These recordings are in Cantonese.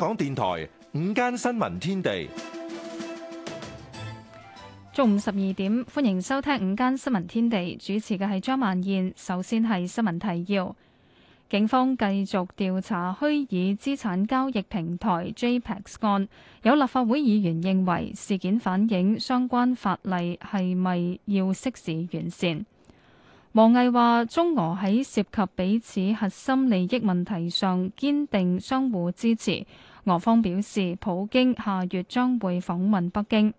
港電台午間新聞天地，中午十二點，歡迎收聽午間新聞天地。主持嘅係張曼燕。首先係新聞提要：警方繼續調查虛擬資產交易平台 JPEX 案。One, 有立法會議員認為事件反映相關法例係咪要適時完善？王毅話：中俄喺涉及彼此核心利益問題上，堅定相互支持。俄方表示，普京下月將會訪問北京。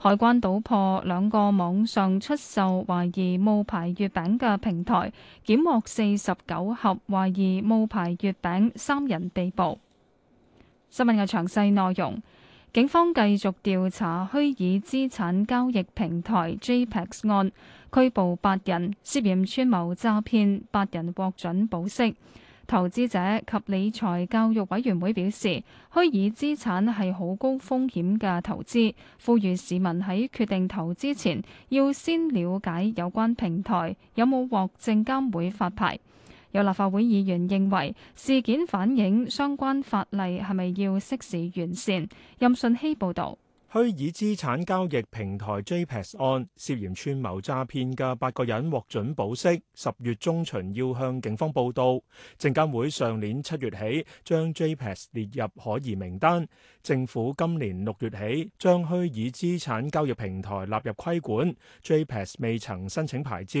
海關搗破兩個網上出售懷疑冒牌月餅嘅平台，檢獲四十九盒懷疑冒牌月餅，三人被捕。新聞嘅詳細內容，警方繼續調查虛擬資產交易平台 JPEX 案，拘捕八人，涉嫌串謀詐騙，八人獲准保釋。投資者及理財教育委員會表示，虛擬資產係好高風險嘅投資，呼籲市民喺決定投資前要先了解有關平台有冇獲證監會發牌。有立法會議員認為，事件反映相關法例係咪要適時完善。任信希報導。虛擬資產交易平台 JPEX 案涉嫌串謀詐騙嘅八個人獲准保釋，十月中旬要向警方報到。證監會上年七月起將 JPEX 列入可疑名單，政府今年六月起將虛擬資產交易平台納入規管。JPEX 未曾申請牌照。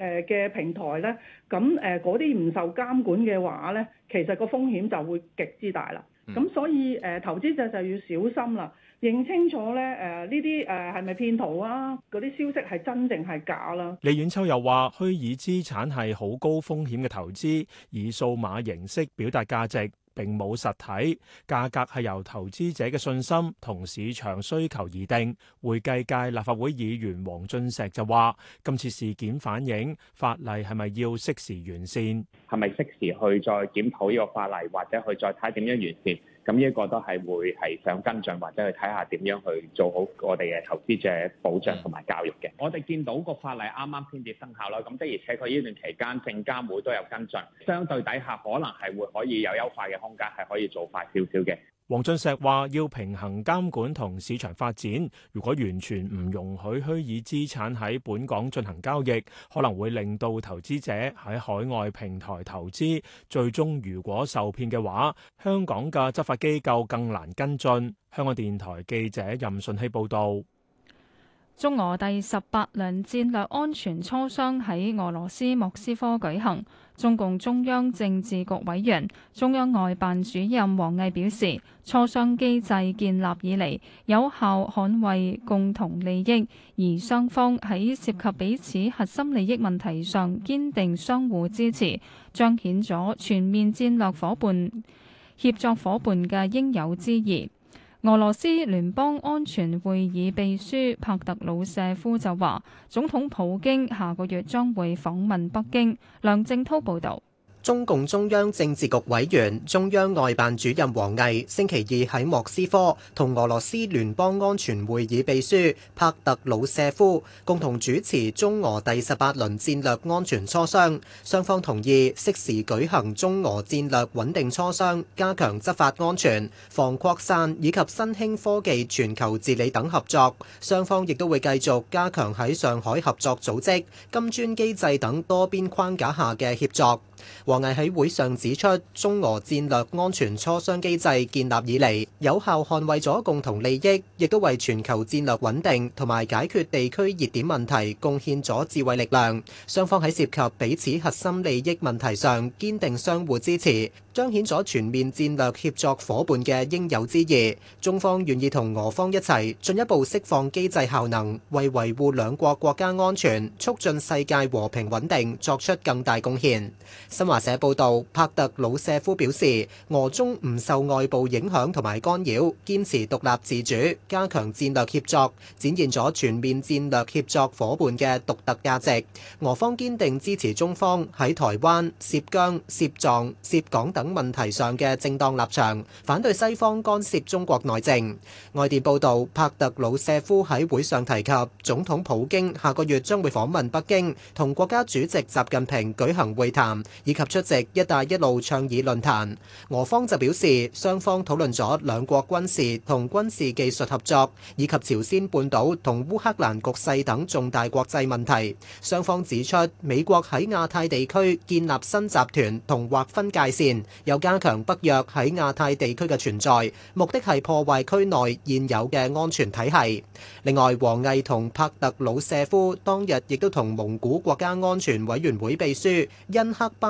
誒嘅平台咧，咁誒嗰啲唔受監管嘅話咧，其實個風險就會極之大啦。咁所以誒投資者就要小心啦，認清楚咧誒呢啲誒係咪騙徒啊？嗰啲消息係真定係假啦。李婉秋又話：虛擬資產係好高風險嘅投資，以數碼形式表達價值。並冇實體，價格係由投資者嘅信心同市場需求而定。會計界立法會議員黃俊碩就話：今次事件反映，法例係咪要適時完善？係咪適時去再檢討呢個法例，或者去再睇點樣完善？咁呢一個都係會係想跟進或者去睇下點樣去做好我哋嘅投資者保障同埋教育嘅。我哋見到個法例啱啱編訂生效啦，咁的而且確呢段期間證監會都有跟進，相對底下可能係會可以有優化嘅空間，係可以做快少少嘅。黃俊石話要平衡監管同市場發展，如果完全唔容許虛擬資產喺本港進行交易，可能會令到投資者喺海外平台投資，最終如果受騙嘅話，香港嘅執法機構更難跟進，香港電台記者任順希報道。中俄第十八輪戰略安全磋商喺俄羅斯莫斯科舉行。中共中央政治局委員、中央外辦主任王毅表示，磋商機制建立以嚟，有效捍衛共同利益，而雙方喺涉及彼此核心利益問題上堅定相互支持，彰顯咗全面戰略夥伴、協作夥伴嘅應有之義。俄羅斯聯邦安全會議秘書帕特魯舍夫就話，總統普京下個月將會訪問北京。梁正滔報導。中共中央政治局委員、中央外辦主任王毅星期二喺莫斯科同俄羅斯聯邦安全會議秘書帕特魯舍夫共同主持中俄第十八輪戰略安全磋商，雙方同意適時舉行中俄戰略穩定磋商，加強執法安全、防擴散以及新興科技全球治理等合作。雙方亦都會繼續加強喺上海合作組織、金磚機制等多邊框架下嘅協作。王毅喺會上指出，中俄戰略安全磋商機制建立以嚟，有效捍衛咗共同利益，亦都為全球戰略穩定同埋解決地區熱點問題貢獻咗智慧力量。雙方喺涉及彼此核心利益問題上，堅定相互支持，彰顯咗全面戰略協作伙伴嘅應有之義。中方願意同俄方一齊進一步釋放機制效能，為維護兩國國家安全、促進世界和平穩定作出更大貢獻。新華社報道，帕特魯舍夫表示，俄中唔受外部影響同埋干擾，堅持獨立自主，加強戰略協作，展現咗全面戰略協作伙伴嘅獨特價值。俄方堅定支持中方喺台灣、涉疆、涉藏、涉港等問題上嘅正當立場，反對西方干涉中國內政。外電報道，帕特魯舍夫喺會上提及，總統普京下個月將會訪問北京，同國家主席習近平舉行會談。以及出席「一帶一路」倡議論壇，俄方就表示，雙方討論咗兩國軍事同軍事技術合作，以及朝鮮半島同烏克蘭局勢等重大國際問題。雙方指出，美國喺亞太地區建立新集團同劃分界線，又加強北約喺亞太地區嘅存在，目的係破壞區內現有嘅安全體系。另外，王毅同帕特魯舍夫當日亦都同蒙古國家安全委員會秘書恩克巴。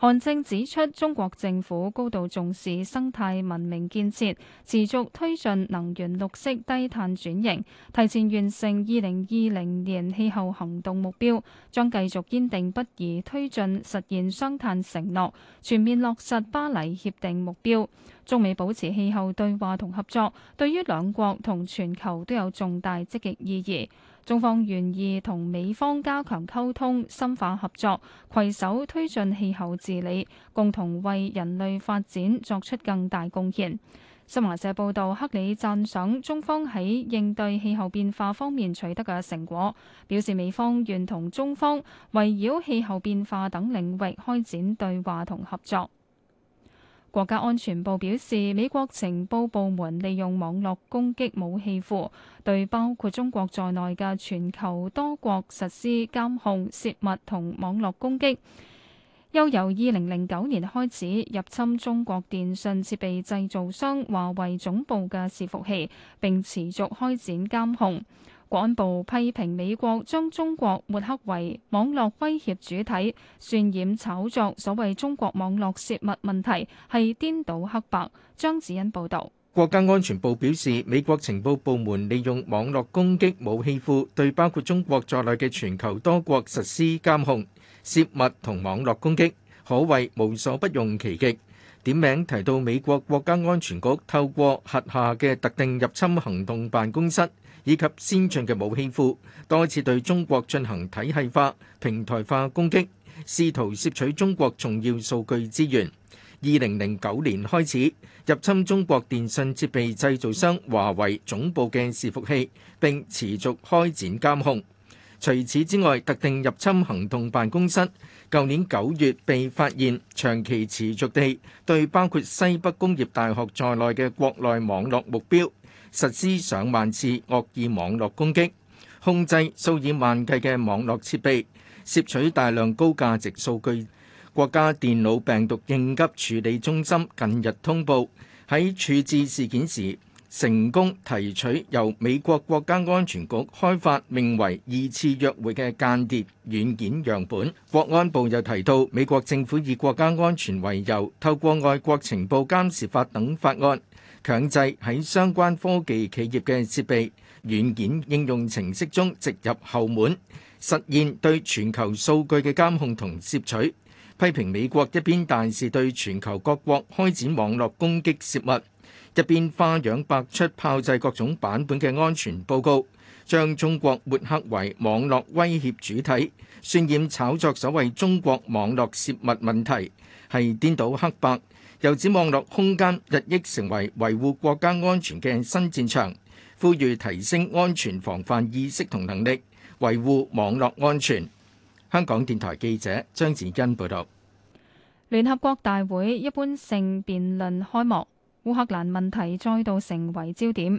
韓正指出，中國政府高度重視生態文明建設，持續推進能源綠色低碳轉型，提前完成二零二零年氣候行動目標，將繼續堅定不移推進實現雙碳承諾，全面落實巴黎協定目標。中美保持氣候對話同合作，對於兩國同全球都有重大積極意義。中方願意同美方加強溝通、深化合作、攜手推進氣候治理，共同為人類發展作出更大貢獻。新華社報道，克里讚賞中方喺應對氣候變化方面取得嘅成果，表示美方願同中方圍繞氣候變化等領域開展對話同合作。國家安全部表示，美國情報部門利用網絡攻擊武器庫，對包括中國在內嘅全球多國實施監控、洩密同網絡攻擊。又由二零零九年開始入侵中國電信設備製造商華為總部嘅伺服器，並持續開展監控。公安部批評美國將中國抹黑為網絡威脅主體，渲染炒作所謂中國網絡竊密問題，係顛倒黑白。張子欣報導，國家安全部表示，美國情報部門利用網絡攻擊武器庫，對包括中國在內嘅全球多國實施監控、竊密同網絡攻擊，可謂無所不用其極。點名提到美國國家安全局透過轄下嘅特定入侵行動辦公室，以及先進嘅武器庫，多次對中國進行體系化、平台化攻擊，試圖竊取中國重要數據資源。二零零九年開始入侵中國電信設備製造商華為總部嘅伺服器，並持續開展監控。除此之外，特定入侵行動辦公室舊年九月被發現長期持續地對包括西北工業大學在內嘅國內網絡目標。實施上萬次惡意網絡攻擊，控制數以萬計嘅網絡設備，攝取大量高價值數據。國家電腦病毒應急處理中心近日通報，喺處置事件時成功提取由美國國家安全局開發，名為《二次約會》嘅間諜軟件樣本。國安部又提到，美國政府以國家安全為由，透過外國情報監視法等法案。強制喺相關科技企業嘅設備、軟件、應用程式中植入後門，實現對全球數據嘅監控同竊取。批評美國一邊大肆對全球各國開展網絡攻擊竊密，一邊花樣百出炮製各種版本嘅安全報告，將中國抹黑為網絡威脅主體，渲染炒作所謂中國網絡竊密問題係顛倒黑白。又指網絡空間日益成為維護國家安全嘅新戰場，呼籲提升安全防範意識同能力，維護網絡安全。香港電台記者張子欣報道。聯合國大會一般性辯論開幕，烏克蘭問題再度成為焦點。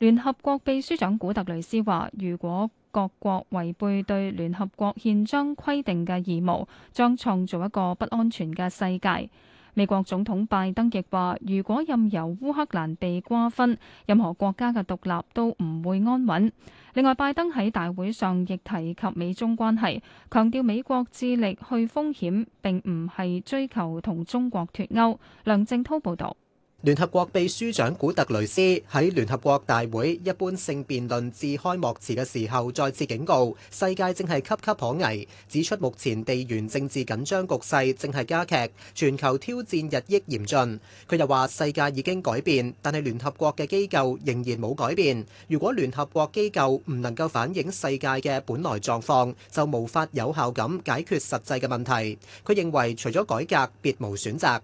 聯合國秘書長古特雷斯話，如果各國違背對聯合國憲章規定嘅義務，將創造一個不安全嘅世界。美國總統拜登亦話，如果任由烏克蘭被瓜分，任何國家嘅獨立都唔會安穩。另外，拜登喺大會上亦提及美中關係，強調美國致力去風險，並唔係追求同中國脫鉤。梁正濤報道。聯合國秘書長古特雷斯喺聯合國大會一般性辯論致開幕詞嘅時候，再次警告世界正係岌岌可危，指出目前地緣政治緊張局勢正係加劇，全球挑戰日益嚴峻。佢又話：世界已經改變，但係聯合國嘅機構仍然冇改變。如果聯合國機構唔能夠反映世界嘅本來狀況，就無法有效咁解決實際嘅問題。佢認為除咗改革，別無選擇。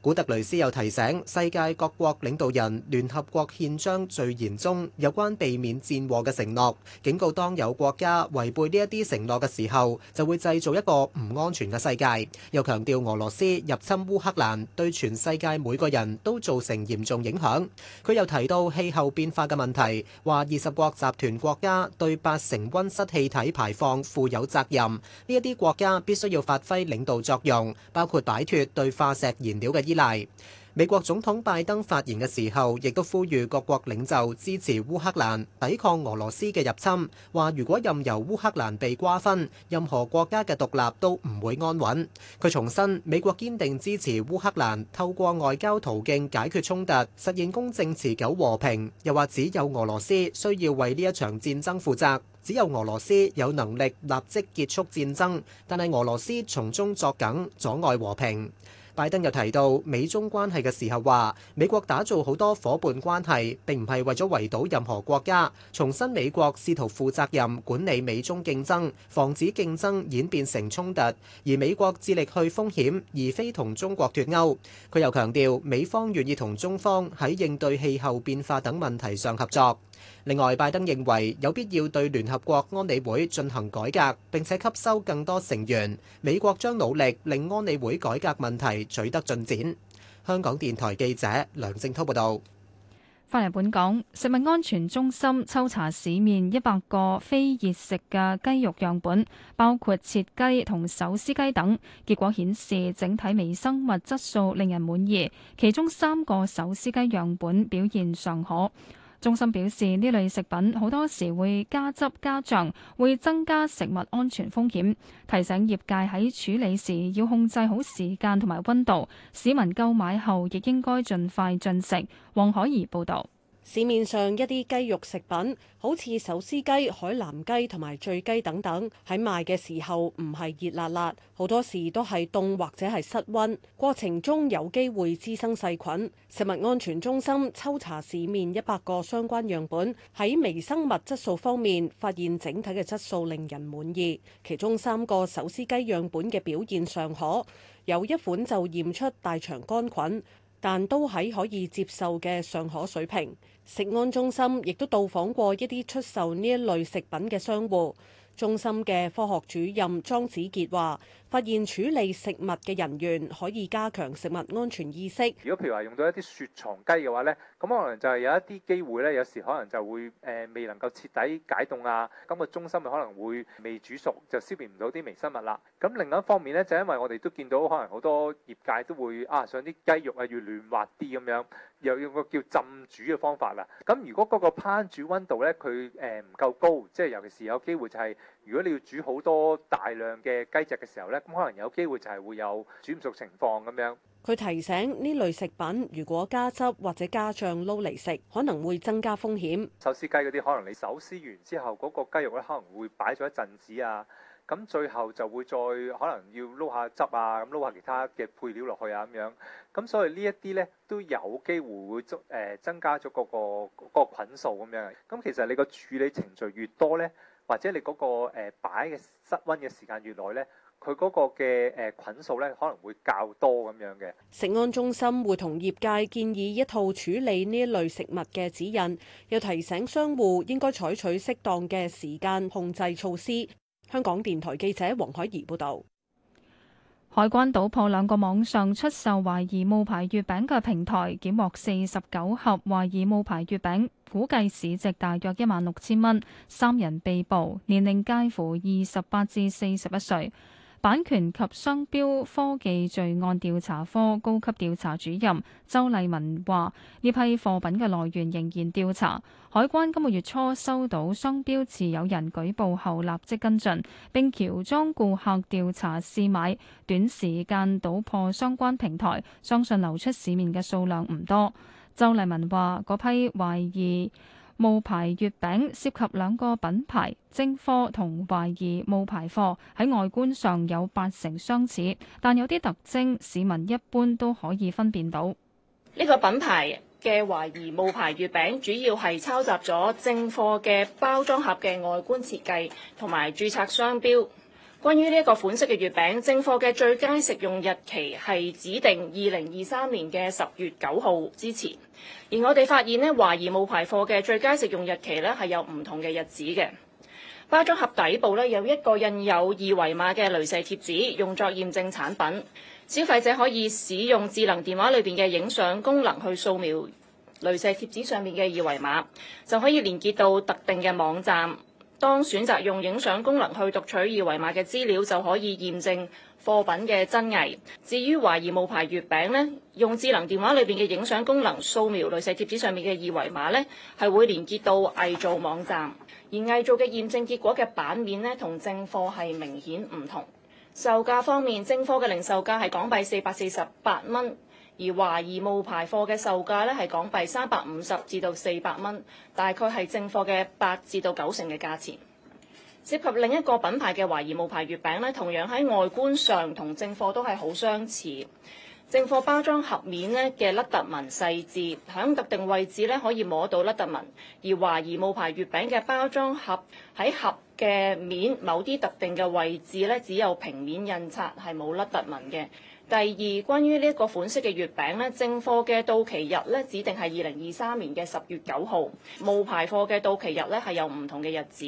古特雷斯又提醒世界各國領導人，聯合國憲章序言中有關避免戰禍嘅承諾，警告當有國家違背呢一啲承諾嘅時候，就會製造一個唔安全嘅世界。又強調俄羅斯入侵烏克蘭對全世界每個人都造成嚴重影響，佢又提到氣候變化嘅問題，話二十國集團國家對八成温室氣體排放負有責任，呢一啲國家必須要發揮領導作用，包括擺脫對化石燃嘅依賴，美國總統拜登發言嘅時候，亦都呼籲各國領袖支持烏克蘭抵抗俄羅斯嘅入侵。話如果任由烏克蘭被瓜分，任何國家嘅獨立都唔會安穩。佢重申美國堅定支持烏克蘭透過外交途徑解決衝突，實現公正持久和平。又話只有俄羅斯需要為呢一場戰爭負責，只有俄羅斯有能力立即結束戰爭，但係俄羅斯從中作梗，阻礙和平。拜登又提到美中關係嘅時候，話美國打造好多夥伴關係並唔係為咗圍堵任何國家，重申美國試圖負責任管理美中競爭，防止競爭演變成衝突，而美國致力去風險而非同中國脫歐，佢又強調美方願意同中方喺應對氣候變化等問題上合作。另外，拜登認為有必要對聯合國安理會進行改革，並且吸收更多成員。美國將努力令安理會改革問題取得進展。香港電台記者梁正濤報導。翻嚟本港，食物安全中心抽查市面一百個非熱食嘅雞肉樣本，包括切雞同手撕雞等，結果顯示整體微生物質素令人滿意，其中三個手撕雞樣本表現尚可。中心表示，呢類食品好多時會加汁加醬，會增加食物安全風險，提醒業界喺處理時要控制好時間同埋溫度，市民購買後亦應該盡快進食。黃海怡報道。市面上一啲雞肉食品，好似手撕雞、海南雞同埋醉雞等等，喺賣嘅時候唔係熱辣辣，好多時都係凍或者係室溫，過程中有機會滋生細菌。食物安全中心抽查市面一百個相關樣本，喺微生物質素方面，發現整體嘅質素令人滿意，其中三個手撕雞樣本嘅表現尚可，有一款就驗出大腸桿菌。但都喺可以接受嘅尚可水平。食安中心亦都到訪過一啲出售呢一類食品嘅商戶。中心嘅科學主任莊子傑話，發現處理食物嘅人員可以加強食物安全意識。如果譬如話用到一啲雪藏雞嘅話咧，咁可能就係有一啲機會咧，有時可能就會誒、呃、未能夠徹底解凍啊。咁、那個中心可能會未煮熟就消滅唔到啲微生物啦。咁另一方面咧，就因為我哋都見到可能好多業界都會啊，想啲雞肉啊要嫩滑啲咁樣。又用個叫浸煮嘅方法啦。咁如果嗰個烹煮温度咧，佢誒唔夠高，即係尤其是有機會就係如果你要煮好多大量嘅雞隻嘅時候咧，咁可能有機會就係會有煮唔熟情況咁樣。佢提醒呢類食品如果加汁或者加醬撈嚟食，可能會增加風險。手撕雞嗰啲可能你手撕完之後嗰個雞肉咧，可能會擺咗一陣子啊。咁最後就會再可能要撈下汁啊，咁撈下其他嘅配料落去啊，咁樣咁，所以呢一啲呢都有機會會增誒增加咗嗰個嗰個菌數咁樣。咁其實你個處理程序越多呢，或者你嗰個誒擺嘅室溫嘅時間越耐呢，佢嗰個嘅誒菌數咧可能會較多咁樣嘅。食安中心會同業界建議一套處理呢一類食物嘅指引，又提醒商戶應該採取適當嘅時間控制措施。香港電台記者王海怡報道：海關搗破兩個網上出售懷疑冒牌月餅嘅平台，檢獲四十九盒懷疑冒牌月餅，估計市值大約一萬六千蚊，三人被捕，年齡介乎二十八至四十一歲。版權及商標科技罪案調查科高級調查主任周麗文話：呢批貨品嘅來源仍然調查。海關今個月初收到商標持有人舉報後，立即跟進，並喬裝顧客調查試買，短時間搗破相關平台，相信流出市面嘅數量唔多。周麗文話：嗰批懷疑冒牌月餅涉及兩個品牌，正貨同懷疑冒牌貨喺外觀上有八成相似，但有啲特徵市民一般都可以分辨到。呢個品牌嘅懷疑冒牌月餅主要係抄襲咗正貨嘅包裝盒嘅外觀設計同埋註冊商標。關於呢個款式嘅月餅，正貨嘅最佳食用日期係指定二零二三年嘅十月九號之前。而我哋發現呢，懷疑冒牌貨嘅最佳食用日期呢係有唔同嘅日子嘅。包裝盒底部呢有一個印有二維碼嘅雷射貼紙，用作驗證產品。消費者可以使用智能電話裏邊嘅影相功能去掃描雷射貼紙上面嘅二維碼，就可以連結到特定嘅網站。當選擇用影相功能去讀取二維碼嘅資料，就可以驗證貨品嘅真偽。至於懷疑冒牌月餅咧，用智能電話裏面嘅影相功能掃描類似貼紙上面嘅二維碼咧，係會連接到偽造網站，而偽造嘅驗證結果嘅版面咧，同正貨係明顯唔同。售價方面，正貨嘅零售價係港幣四百四十八蚊。而華怡冒牌貨嘅售價咧係港幣三百五十至到四百蚊，大概係正貨嘅八至到九成嘅價錢。涉及另一個品牌嘅華怡冒牌月餅咧，同樣喺外觀上同正貨都係好相似。正貨包裝盒面咧嘅甩凸紋細節，響特定位置咧可以摸到甩凸紋，而華怡冒牌月餅嘅包裝盒喺盒嘅面某啲特定嘅位置咧只有平面印刷，係冇甩凸紋嘅。第二，關於呢一個款式嘅月餅咧，正貨嘅到期日咧指定係二零二三年嘅十月九號，冒牌貨嘅到期日咧係有唔同嘅日子。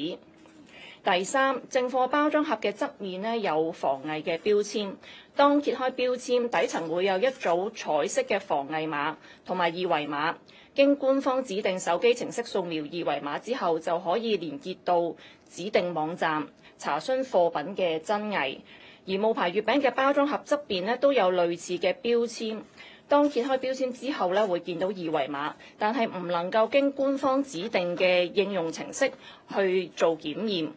第三，正貨包裝盒嘅側面咧有防偽嘅標籤，當揭開標籤底層會有一組彩色嘅防偽碼同埋二維碼，經官方指定手機程式掃描二維碼之後，就可以連結到指定網站查詢貨品嘅真偽。而冒牌月餅嘅包裝盒側邊呢都有類似嘅標籤，當揭開標籤之後呢會見到二維碼，但係唔能夠經官方指定嘅應用程式去做檢驗。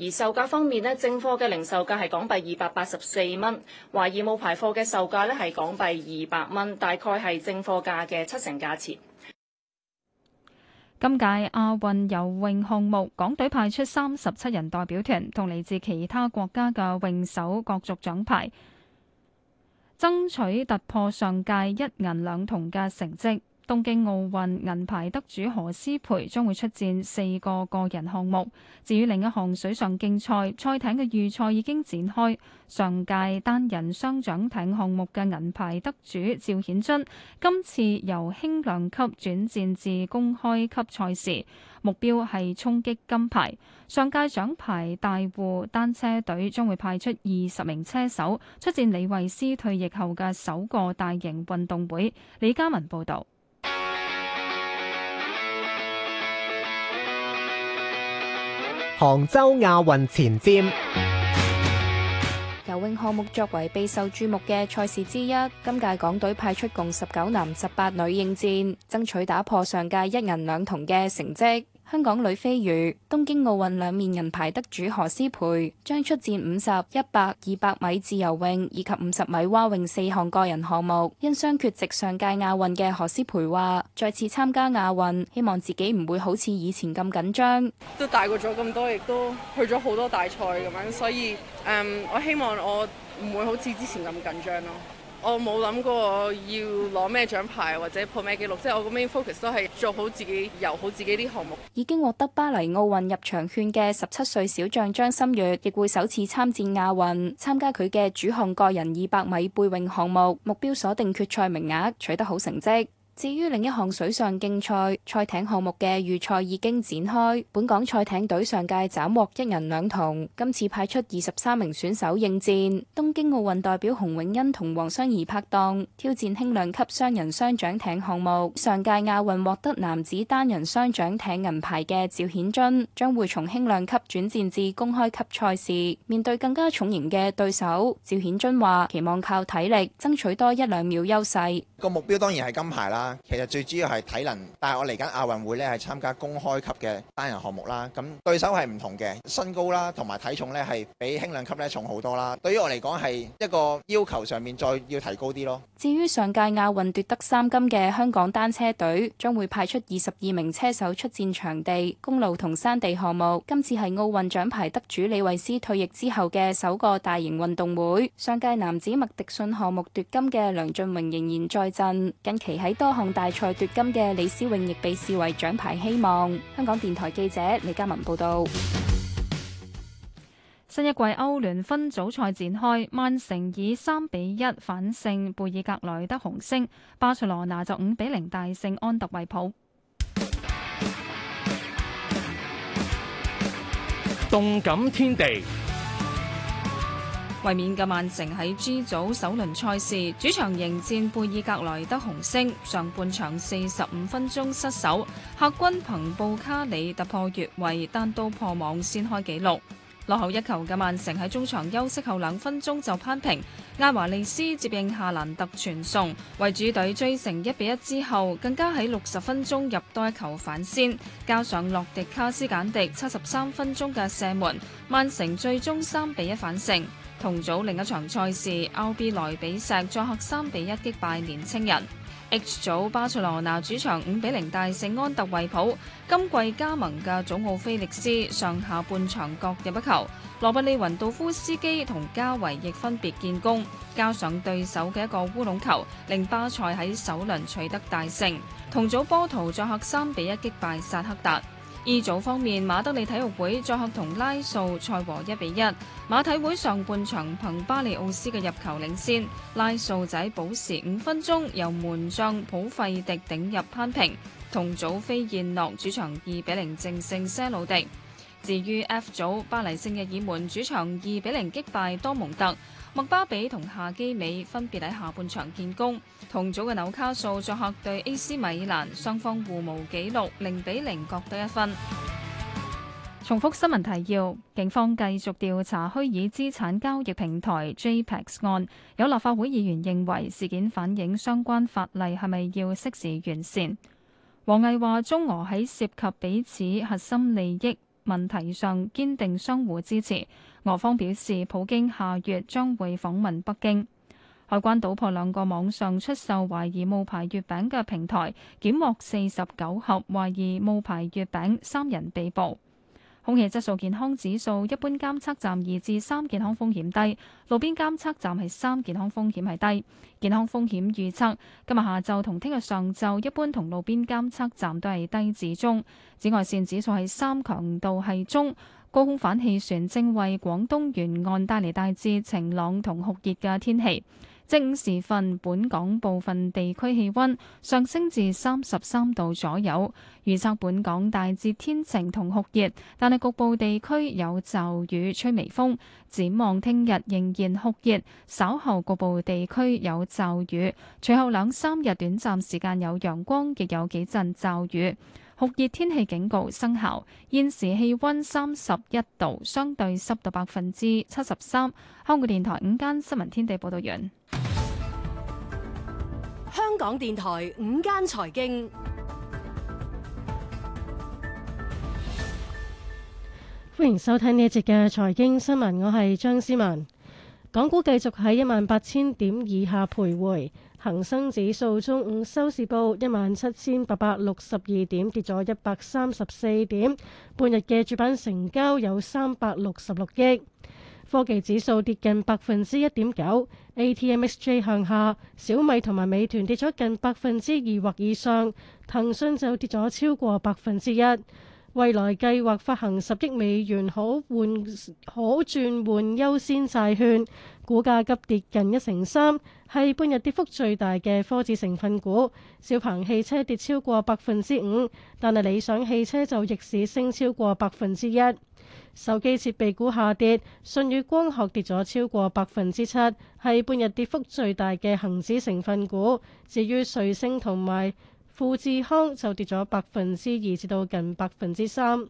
而售價方面呢，正貨嘅零售價係港幣二百八十四蚊，懷疑冒牌貨嘅售價呢係港幣二百蚊，大概係正貨價嘅七成價錢。今屆亞運游泳項目，港隊派出三十七人代表團，同嚟自其他國家嘅泳手角逐獎牌，爭取突破上屆一銀兩銅嘅成績。東京奧運銀牌得主何詩蓓將會出戰四個個人項目。至於另一項水上競賽，賽艇嘅預賽已經展開。上屆單人雙槳艇項目嘅銀牌得主趙顯津，今次由輕量級轉戰至公開級賽事，目標係衝擊金牌。上屆獎牌大戶單車隊將會派出二十名車手，出戰李慧詩退役後嘅首個大型運動會。李嘉文報道。杭州亞運前瞻游泳項目作為備受注目嘅賽事之一，今屆港隊派出共十九男十八女應戰，爭取打破上屆一銀兩銅嘅成績。香港女飛魚、東京奧運兩面銀牌得主何詩蓓將出戰五十、一百、二百米自由泳以及五十米蛙泳四項個人項目。因傷缺席上屆亞運嘅何詩蓓話：再次參加亞運，希望自己唔會好似以前咁緊張。都大過咗咁多，亦都去咗好多大賽咁樣，所以，um, 我希望我唔會好似之前咁緊張咯。我冇諗過要攞咩獎牌或者破咩紀錄，即係我個 main focus 都係做好自己、游好自己啲項目。已經獲得巴黎奧運入場券嘅十七歲小將張心月亦會首次參戰亞運，參加佢嘅主項個人二百米背泳項目，目標鎖定決賽名額，取得好成績。至於另一項水上競賽，賽艇項目嘅預賽已經展開。本港賽艇隊上屆斬獲一銀兩銅，今次派出二十三名選手應戰。東京奧運代表洪永恩同黃雙宜拍檔挑戰輕量級雙人雙槳艇項目。上屆亞運獲得男子單人雙槳艇銀牌嘅趙顯津將會從輕量級轉戰至公開級賽事，面對更加重型嘅對手。趙顯津話：期望靠體力爭取多一兩秒優勢。個目標當然係金牌啦。其實最主要係體能，但係我嚟緊亞運會呢，係參加公開級嘅單人項目啦。咁對手係唔同嘅，身高啦同埋體重呢，係比輕量級咧重好多啦。對於我嚟講係一個要求上面再要提高啲咯。至於上屆亞運奪得三金嘅香港單車隊，將會派出二十二名車手出戰場地、公路同山地項目。今次係奧運獎牌得主李慧詩退役之後嘅首個大型運動會。上屆男子麥迪遜項，項目奪金嘅梁峻榮仍然在陣，近期喺多。同大賽奪金嘅李思穎亦被視為獎牌希望。香港電台記者李嘉文報道。新一季歐聯分組賽展開，曼城以三比一反勝貝爾格萊德紅星，巴塞羅那就五比零大勝安特衛普。動感天地。衛冕嘅曼城喺 G 組首輪賽事主場迎戰貝爾格萊德紅星，上半場四十五分鐘失守，客軍憑布卡里突破越位，單刀破網先開紀錄。落後一球嘅曼城喺中場休息後兩分鐘就攀平，艾華利斯接應夏蘭特傳送，為主隊追成一比一之後，更加喺六十分鐘入多一球反先，加上洛迪卡斯簡迪七十三分鐘嘅射門，曼城最終三比一反勝。同組另一場賽事，奧比萊比錫作客三比一擊敗年青人。H 組巴塞羅那主場五比零大勝安特衛普。今季加盟嘅祖奧菲力斯上下半場各入一球。羅拔利雲道夫斯基同加維亦分別建功，加上對手嘅一個烏龍球，令巴塞喺首輪取得大勝。同組波圖作客三比一擊敗薩克達。E 組方面，馬德里體育會作客同拉素賽和一比一。馬體會上半場憑巴里奧斯嘅入球領先，拉素仔補時五分鐘由門將普費迪頂入攀平。同組飛燕諾主場二比零淨勝些路迪。至於 F 組，巴黎聖日耳門主場二比零擊敗多蒙特。麥巴比同夏基美分別喺下半場建功。同組嘅紐卡素作客對 AC 米蘭，雙方互無紀錄，零比零各得一分。重複新聞提要：警方繼續調查虛擬資產交易平台 JPEX 案。有立法會議員認為事件反映相關法例係咪要適時完善？王毅話：中俄喺涉及彼此核心利益問題上，堅定相互支持。俄方表示，普京下月將會訪問北京。海關搗破兩個網上出售懷疑冒牌月餅嘅平台，檢獲四十九盒懷疑冒牌月餅，三人被捕。空氣質素健康指數，一般監測站二至三，健康風險低；路邊監測站係三，健康風險係低。健康風險預測，今日下晝同聽日上晝，一般同路邊監測站都係低至中。紫外線指數係三，強度係中。高空反氣旋正為廣東沿岸帶嚟大致晴朗同酷熱嘅天氣。正午時分，本港部分地區氣温上升至三十三度左右。預測本港大致天晴同酷熱，但係局部地區有驟雨，吹微風。展望聽日仍然酷熱，稍後局部地區有驟雨，隨後兩三日短暫時間有陽光，亦有幾陣驟雨。酷熱天氣警告生效，現時氣溫三十一度，相對濕度百分之七十三。香港電台午間新聞天地報道員。香港電台午間財經，歡迎收睇呢一節嘅財經新聞，我係張思文。港股繼續喺一萬八千點以下徘徊。恒生指數中午收市報一萬七千八百六十二點，跌咗一百三十四點。半日嘅主板成交有三百六十六億。科技指數跌近百分之一點九，ATMXJ 向下，小米同埋美團跌咗近百分之二或以上，騰訊就跌咗超過百分之一。蔚來計劃發行十億美元可換可轉換優先債券，股價急跌近一成三，係半日跌幅最大嘅科指成分股。小鵬汽車跌超過百分之五，但係理想汽車就逆市升超過百分之一。手機設備股下跌，信宇光學跌咗超過百分之七，係半日跌幅最大嘅恒指成分股。至於瑞聲同埋。富士康就跌咗百分之二，至到近百分之三。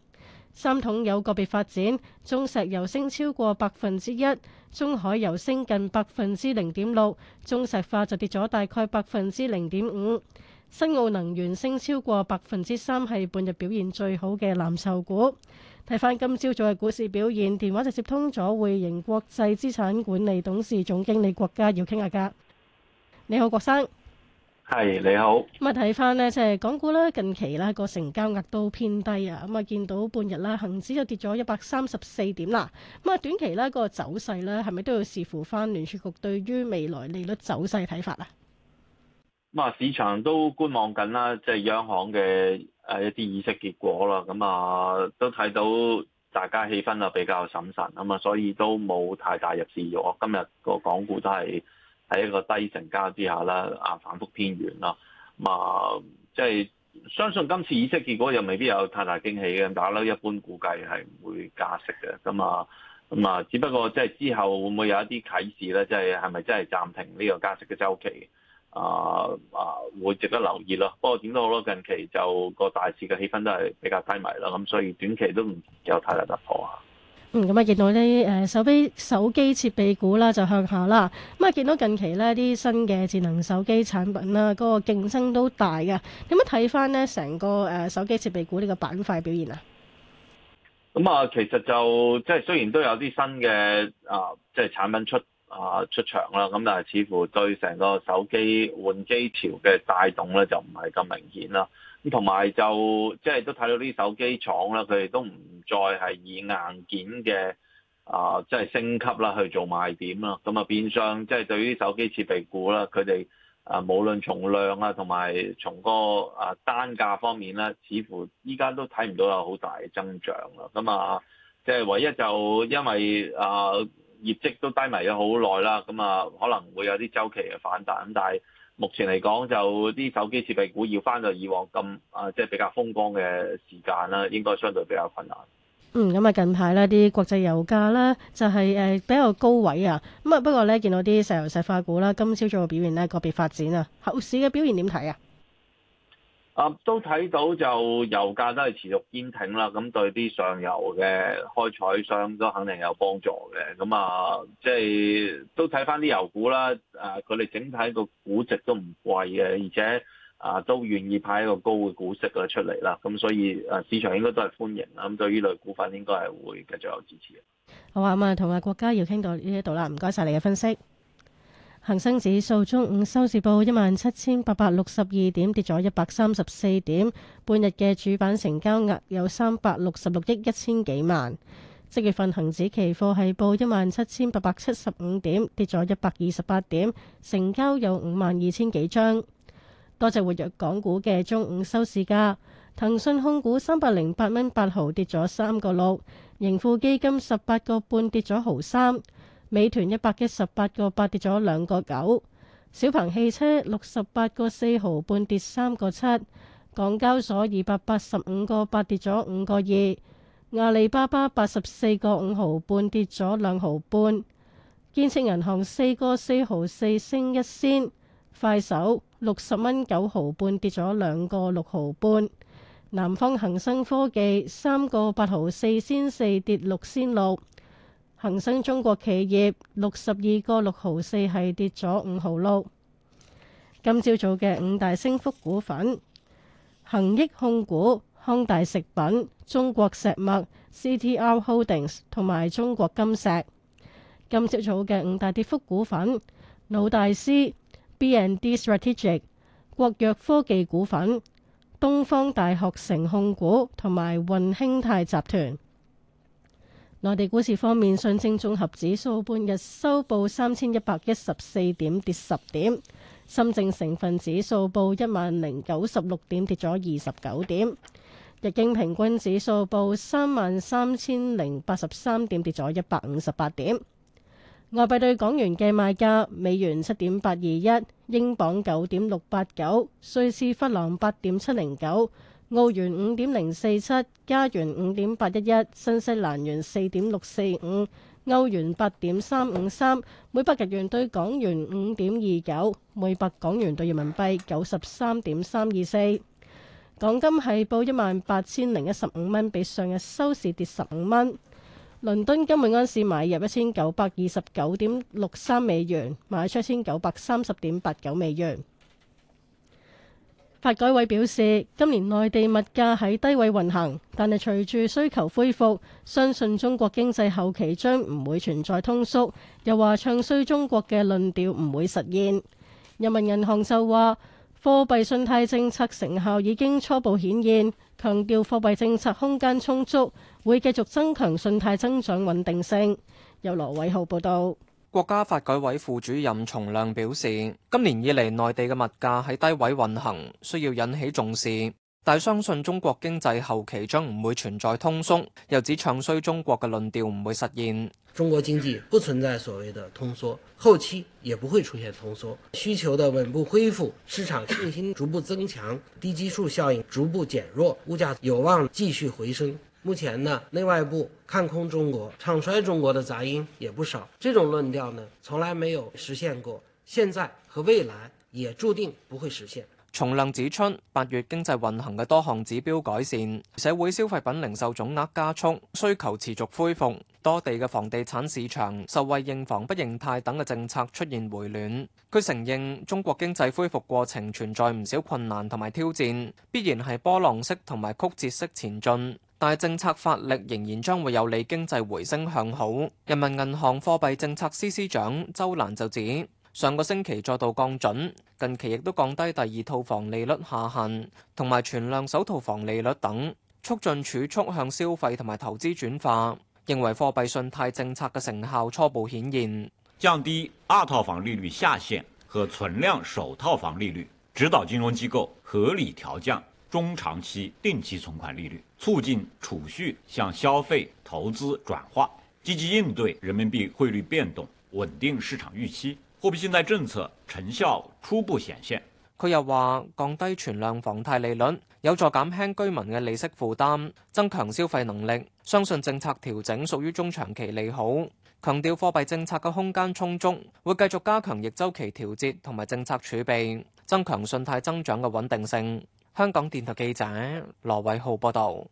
三桶有個別發展，中石油升超過百分之一，中海油升近百分之零點六，中石化就跌咗大概百分之零點五。新奧能源升超過百分之三，係半日表現最好嘅藍籌股。睇翻今朝早嘅股市表現，電話就接通咗匯盈國際資產管理董事總經理郭家，要傾下偈。你好，郭生。係、hey, 你好，咁啊睇翻呢就係港股咧，近期咧，個成交額都偏低啊，咁啊見到半日啦，恒指就跌咗一百三十四點啦，咁啊短期咧，個走勢咧，係咪都要視乎翻聯儲局對於未來利率走勢嘅睇法啊？咁啊，市場都觀望緊啦，即係央行嘅誒一啲議息結果啦，咁啊都睇到大家氣氛就比較審慎，咁啊所以都冇太大入市我今日個港股都係。喺一個低成交之下啦，啊反覆偏軟啦，啊即係、就是、相信今次議息結果又未必有太大驚喜嘅，大家咧一般估計係唔會加息嘅，咁啊咁啊，只不過即係之後會唔會有一啲啟示咧，即係係咪真係暫停呢個加息嘅周期？啊啊，會值得留意咯。不過點都好咯，近期就個大市嘅氣氛都係比較低迷啦，咁所以短期都唔有太大突破。嗯，咁啊，見到呢誒手機手機設備股啦，就向下啦。咁啊，見到近期呢啲新嘅智能手機產品啦，嗰個競爭都大㗎。點樣睇翻呢？成個誒手機設備股呢個板塊表現啊？咁啊、嗯，其實就即係雖然都有啲新嘅啊，即係產品出。啊，出場啦！咁但係似乎對成個手機換機潮嘅帶動咧，就唔係咁明顯啦。咁同埋就即係、就是、都睇到啲手機廠啦，佢哋都唔再係以硬件嘅啊，即、呃、係、就是、升級啦去做賣點啦。咁啊，變相即係、就是、對於手機設備股啦，佢哋啊，無論從量啊，同埋從個啊單價方面咧，似乎依家都睇唔到有好大嘅增長啦。咁啊，即係唯一就因為啊。呃業績都低迷咗好耐啦，咁啊可能會有啲周期嘅反彈，咁但係目前嚟講就啲手機設備股要翻到以往咁啊，即係比較風光嘅時間啦，應該相對比較困難。嗯，咁啊近排呢啲國際油價啦，就係誒比較高位啊，咁啊不過咧見到啲石油石化股啦，今朝早嘅表現咧個別發展啊，後市嘅表現點睇啊？啊，都睇到就油價都係持續堅挺啦，咁對啲上游嘅開採商都肯定有幫助嘅。咁啊，即係都睇返啲油股啦，誒、啊，佢哋整體個估值都唔貴嘅，而且啊，都願意派一個高嘅股息啊出嚟啦。咁所以啊，市場應該都係歡迎啦。咁對呢類股份應該係會繼續有支持。好啊，咁、嗯、啊，同阿國家要傾到呢度啦，唔該晒你嘅分析。恒生指數中午收市報一萬七千八百六十二點，跌咗一百三十四點。半日嘅主板成交額有三百六十六億一千幾萬。即月份恒指期貨係報一萬七千八百七十五點，跌咗一百二十八點，成交有五萬二千幾張。多隻活躍港股嘅中午收市價，騰訊控股三百零八蚊八毫跌咗三個六，盈富基金十八個半跌咗毫三。美團一百一十八個八跌咗兩個九，小鵬汽車六十八個四毫半跌三個七，港交所二百八十五個八跌咗五個二，阿里巴巴八十四個五毫半跌咗兩毫半，建設銀行四個四毫四升一仙，快手六十蚊九毫半跌咗兩個六毫半，南方恒生科技三個八毫四仙四跌六仙六。恒生中國企業六十二個六毫四係跌咗五毫六。今朝早嘅五大升幅股份：恒益控股、康大食品、中國石墨、CTR Holdings 同埋中國金石。今朝早嘅五大跌幅股份：魯大師、BND Strategic、Strategy、國藥科技股份、東方大學城控股同埋運興泰集團。內地股市方面，上證綜合指數半日收報三千一百一十四點，跌十點；深證成分指數報一萬零九十六點，跌咗二十九點；日經平均指數報三萬三千零八十三點，跌咗一百五十八點。外幣對港元嘅賣價：美元七點八二一，英鎊九點六八九，瑞士法郎八點七零九。澳元五點零四七，加元五點八一一，新西蘭元四點六四五，歐元八點三五三，每百日元兌港元五點二九，每百港元兌人民幣九十三點三二四。港金係報一萬八千零一十五蚊，18, 15, 比上日收市跌十五蚊。倫敦金每盎司買入一千九百二十九點六三美元，賣出一千九百三十點八九美元。發改委表示，今年內地物價喺低位運行，但係隨住需求恢復，相信中國經濟後期將唔會存在通縮。又話唱衰中國嘅論調唔會實現。人民銀行就話，貨幣信貸政策成效已經初步顯現，強調貨幣政策空間充足，會繼續增強信貸增長穩定性。由羅偉浩報導。國家發改委副主任叢亮表示，今年以嚟內地嘅物價喺低位運行，需要引起重視。但相信中國經濟後期將唔會存在通縮，又指唱衰中國嘅論調唔會實現。中國經濟不存在所謂的通縮，後期也不會出現通縮。需求的穩步恢復，市場信心逐步增強，低基數效應逐步減弱，物價有望繼續回升。目前呢，內外部看空中國、唱衰中國的雜音也不少。這種論調呢，從來沒有實現過，現在和未來也注定不會實現。叢亮指出，八月經濟運行嘅多項指標改善，社會消費品零售總額加速，需求持續恢復，多地嘅房地產市場受惠認房不認貸等嘅政策出現回暖。佢承認中國經濟恢復過程存在唔少困難同埋挑戰，必然係波浪式同埋曲折式前進。但政策發力仍然將會有利經濟回升向好。人民銀行貨幣政策司司長周蘭就指，上個星期再度降準，近期亦都降低第二套房利率下限同埋存量首套房利率等，促進儲蓄向消費同埋投資轉化，認為貨幣信貸政策嘅成效初步顯現。降低二套房利率下限和存量首套房利率，指導金融機構合理調降中長期定期存款利率。促進儲蓄向消費投資轉化，積極應對人民幣匯率變動，穩定市場預期，貨幣信貸政策成效初步顯現。佢又話降低存量房貸利率，有助減輕居民嘅利息負擔，增強消費能力。相信政策調整屬於中長期利好。強調貨幣政策嘅空間充足，會繼續加強逆週期調節同埋政策儲備，增強信貸增長嘅穩定性。香港電台記者羅偉浩報道。